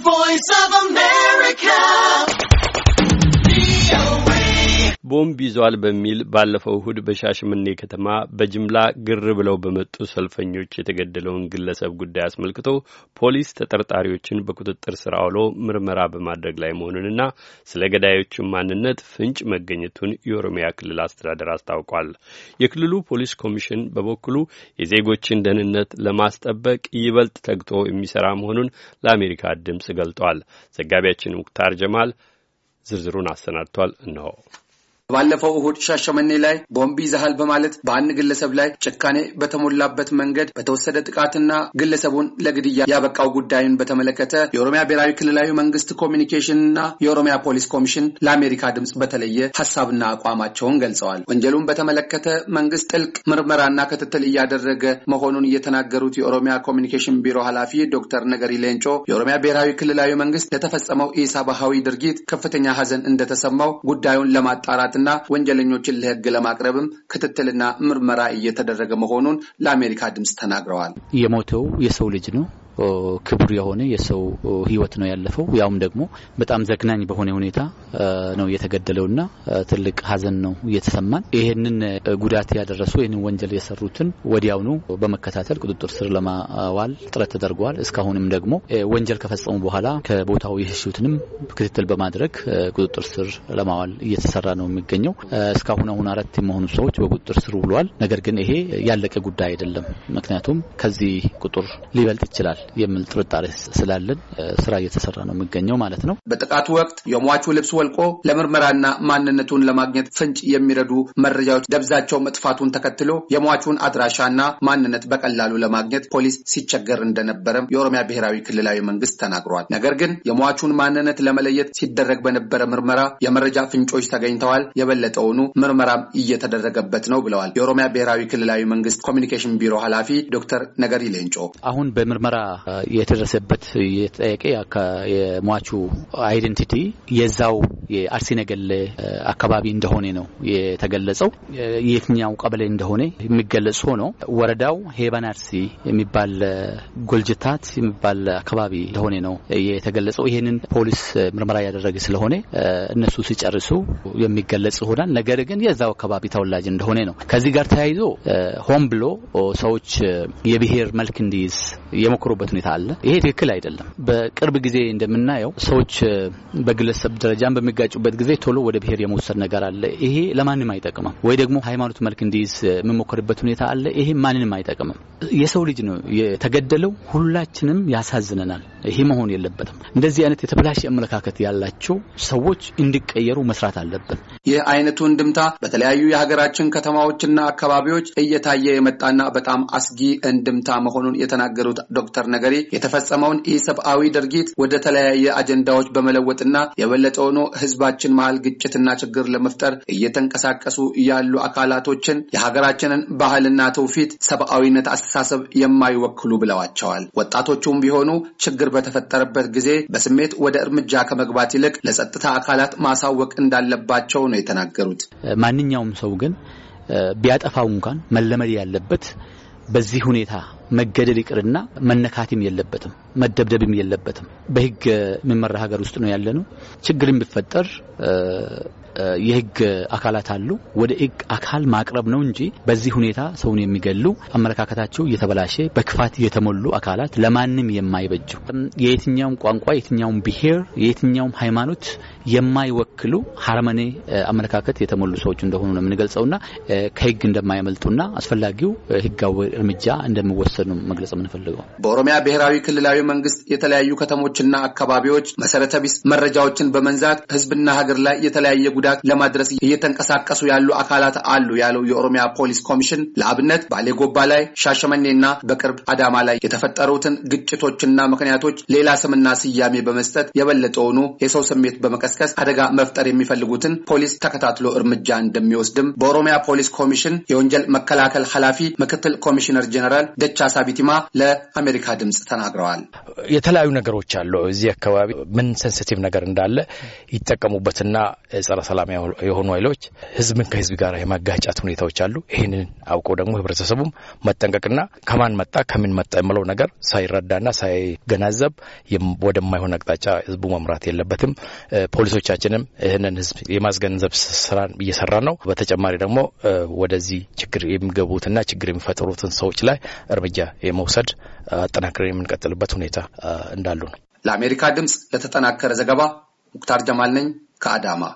Voice of a man. ቦምብ ይዟል በሚል ባለፈው እሁድ በሻሸመኔ ከተማ በጅምላ ግር ብለው በመጡ ሰልፈኞች የተገደለውን ግለሰብ ጉዳይ አስመልክቶ ፖሊስ ተጠርጣሪዎችን በቁጥጥር ስር አውሎ ምርመራ በማድረግ ላይ መሆኑንና ስለ ገዳዮቹን ማንነት ፍንጭ መገኘቱን የኦሮሚያ ክልል አስተዳደር አስታውቋል። የክልሉ ፖሊስ ኮሚሽን በበኩሉ የዜጎችን ደህንነት ለማስጠበቅ ይበልጥ ተግቶ የሚሰራ መሆኑን ለአሜሪካ ድምጽ ገልጧል። ዘጋቢያችን ሙክታር ጀማል ዝርዝሩን አሰናድቷል። እነሆ። ባለፈው እሁድ ሻሸመኔ ላይ ቦምቢ ይዘሃል በማለት በአንድ ግለሰብ ላይ ጭካኔ በተሞላበት መንገድ በተወሰደ ጥቃትና ግለሰቡን ለግድያ ያበቃው ጉዳዩን በተመለከተ የኦሮሚያ ብሔራዊ ክልላዊ መንግስት ኮሚኒኬሽንና የኦሮሚያ ፖሊስ ኮሚሽን ለአሜሪካ ድምፅ በተለየ ሀሳብና አቋማቸውን ገልጸዋል። ወንጀሉን በተመለከተ መንግስት ጥልቅ ምርመራና ክትትል እያደረገ መሆኑን የተናገሩት የኦሮሚያ ኮሚኒኬሽን ቢሮ ኃላፊ ዶክተር ነገሪ ሌንጮ የኦሮሚያ ብሔራዊ ክልላዊ መንግስት ለተፈጸመው ኢሰብአዊ ድርጊት ከፍተኛ ሀዘን እንደተሰማው ጉዳዩን ለማጣራት ለማጣራትና ወንጀለኞችን ለህግ ለማቅረብም ክትትልና ምርመራ እየተደረገ መሆኑን ለአሜሪካ ድምፅ ተናግረዋል። የሞተው የሰው ልጅ ነው። ክቡር የሆነ የሰው ህይወት ነው ያለፈው። ያውም ደግሞ በጣም ዘግናኝ በሆነ ሁኔታ ነው የተገደለውና ትልቅ ሀዘን ነው እየተሰማን። ይህንን ጉዳት ያደረሱ ይህንን ወንጀል የሰሩትን ወዲያውኑ በመከታተል ቁጥጥር ስር ለማዋል ጥረት ተደርገዋል። እስካሁንም ደግሞ ወንጀል ከፈጸሙ በኋላ ከቦታው የሸሹትንም ክትትል በማድረግ ቁጥጥር ስር ለማዋል እየተሰራ ነው የሚገኘው። እስካሁን አሁን አራት የመሆኑ ሰዎች በቁጥጥር ስር ውሏል። ነገር ግን ይሄ ያለቀ ጉዳይ አይደለም። ምክንያቱም ከዚህ ቁጥር ሊበልጥ ይችላል። የሚል ጥርጣሬ ስላለን ስራ እየተሰራ ነው የሚገኘው ማለት ነው። በጥቃቱ ወቅት የሟቹ ልብስ ወልቆ ለምርመራና ማንነቱን ለማግኘት ፍንጭ የሚረዱ መረጃዎች ደብዛቸው መጥፋቱን ተከትሎ የሟቹን አድራሻና ማንነት በቀላሉ ለማግኘት ፖሊስ ሲቸገር እንደነበረም የኦሮሚያ ብሔራዊ ክልላዊ መንግስት ተናግሯል። ነገር ግን የሟቹን ማንነት ለመለየት ሲደረግ በነበረ ምርመራ የመረጃ ፍንጮች ተገኝተዋል። የበለጠውኑ ምርመራም እየተደረገበት ነው ብለዋል የኦሮሚያ ብሔራዊ ክልላዊ መንግስት ኮሚኒኬሽን ቢሮ ኃላፊ ዶክተር ነገሪ ሌንጮ። አሁን በምርመራ የተደረሰበት የተጠያቂ የሟቹ አይደንቲቲ የዛው የአርሲ ነገሌ አካባቢ እንደሆነ ነው የተገለጸው። የትኛው ቀበሌ እንደሆነ የሚገለጽ ሆኖ ወረዳው ሄባን አርሲ የሚባል ጎልጅታት የሚባል አካባቢ እንደሆነ ነው የተገለጸው። ይህንን ፖሊስ ምርመራ ያደረገ ስለሆነ እነሱ ሲጨርሱ የሚገለጽ ይሆናል። ነገር ግን የዛው አካባቢ ተወላጅ እንደሆነ ነው። ከዚህ ጋር ተያይዞ ሆን ብሎ ሰዎች የብሔር መልክ እንዲይዝ የሞክሩበት የሚያደርጉበት ሁኔታ አለ። ይሄ ትክክል አይደለም። በቅርብ ጊዜ እንደምናየው ሰዎች በግለሰብ ደረጃን በሚጋጩበት ጊዜ ቶሎ ወደ ብሔር የመውሰድ ነገር አለ። ይሄ ለማንም አይጠቅምም። ወይ ደግሞ ሃይማኖት መልክ እንዲይዝ የሚሞከርበት ሁኔታ አለ። ይሄ ማንንም አይጠቅምም። የሰው ልጅ ነው የተገደለው። ሁላችንም ያሳዝነናል። ይሄ መሆን የለበትም። እንደዚህ አይነት የተበላሸ አመለካከት ያላቸው ሰዎች እንዲቀየሩ መስራት አለብን። ይህ አይነቱ እንድምታ በተለያዩ የሀገራችን ከተማዎችና አካባቢዎች እየታየ የመጣና በጣም አስጊ እንድምታ መሆኑን የተናገሩት ዶክተር ነ ነገሪ የተፈጸመውን ኢሰብአዊ ድርጊት ወደ ተለያየ አጀንዳዎች በመለወጥና የበለጠ ሆኖ ህዝባችን መሀል ግጭትና ችግር ለመፍጠር እየተንቀሳቀሱ ያሉ አካላቶችን የሀገራችንን ባህልና ትውፊት፣ ሰብአዊነት፣ አስተሳሰብ የማይወክሉ ብለዋቸዋል። ወጣቶቹም ቢሆኑ ችግር በተፈጠረበት ጊዜ በስሜት ወደ እርምጃ ከመግባት ይልቅ ለጸጥታ አካላት ማሳወቅ እንዳለባቸው ነው የተናገሩት። ማንኛውም ሰው ግን ቢያጠፋው እንኳን መለመድ ያለበት በዚህ ሁኔታ መገደል ይቅርና መነካትም የለበትም መደብደብም የለበትም። በህግ የሚመራ ሀገር ውስጥ ነው ያለ ነው። ችግር ቢፈጠር የህግ አካላት አሉ። ወደ ህግ አካል ማቅረብ ነው እንጂ በዚህ ሁኔታ ሰውን የሚገሉ አመለካከታቸው እየተበላሸ በክፋት የተሞሉ አካላት ለማንም የማይበጁ የየትኛውም ቋንቋ፣ የትኛውም ብሄር የየትኛውም ሃይማኖት የማይወክሉ ሀረመኔ አመለካከት የተሞሉ ሰዎች እንደሆኑ ነው የምንገልጸውና ከህግ እንደማይመልጡና አስፈላጊው ህጋዊ እርምጃ እንደሚወሰኑ መግለጽ የምንፈልገው። በኦሮሚያ ብሔራዊ ክልላዊ መንግስት የተለያዩ ከተሞችና አካባቢዎች መሰረተ ቢስ መረጃዎችን በመንዛት ህዝብና ሀገር ላይ የተለያየ ጉዳ ጉዳት ለማድረስ እየተንቀሳቀሱ ያሉ አካላት አሉ ያለው የኦሮሚያ ፖሊስ ኮሚሽን ለአብነት ባሌ ጎባ ላይ፣ ሻሸመኔና በቅርብ አዳማ ላይ የተፈጠሩትን ግጭቶችና ምክንያቶች ሌላ ስምና ስያሜ በመስጠት የበለጠውኑ የሰው ስሜት በመቀስቀስ አደጋ መፍጠር የሚፈልጉትን ፖሊስ ተከታትሎ እርምጃ እንደሚወስድም በኦሮሚያ ፖሊስ ኮሚሽን የወንጀል መከላከል ኃላፊ ምክትል ኮሚሽነር ጀነራል ደቻሳ ቢቲማ ለአሜሪካ ድምፅ ተናግረዋል። የተለያዩ ነገሮች አሉ። እዚህ አካባቢ ምን ሴንስቲቭ ነገር እንዳለ ይጠቀሙበትና ጸረ ሰላም የሆኑ ኃይሎች ህዝብን ከህዝብ ጋር የማጋጫት ሁኔታዎች አሉ። ይህንን አውቀው ደግሞ ህብረተሰቡም መጠንቀቅና ከማን መጣ ከምን መጣ የምለው ነገር ሳይረዳና ሳይገናዘብ ወደማይሆን አቅጣጫ ህዝቡ መምራት የለበትም። ፖሊሶቻችንም ይህንን ህዝብ የማስገንዘብ ስራን እየሰራ ነው። በተጨማሪ ደግሞ ወደዚህ ችግር የሚገቡትና ችግር የሚፈጥሩትን ሰዎች ላይ እርምጃ የመውሰድ አጠናክረን የምንቀጥልበት ሁኔታ እንዳሉ ነው። ለአሜሪካ ድምፅ ለተጠናከረ ዘገባ ሙክታር ጀማል ነኝ። ka dama.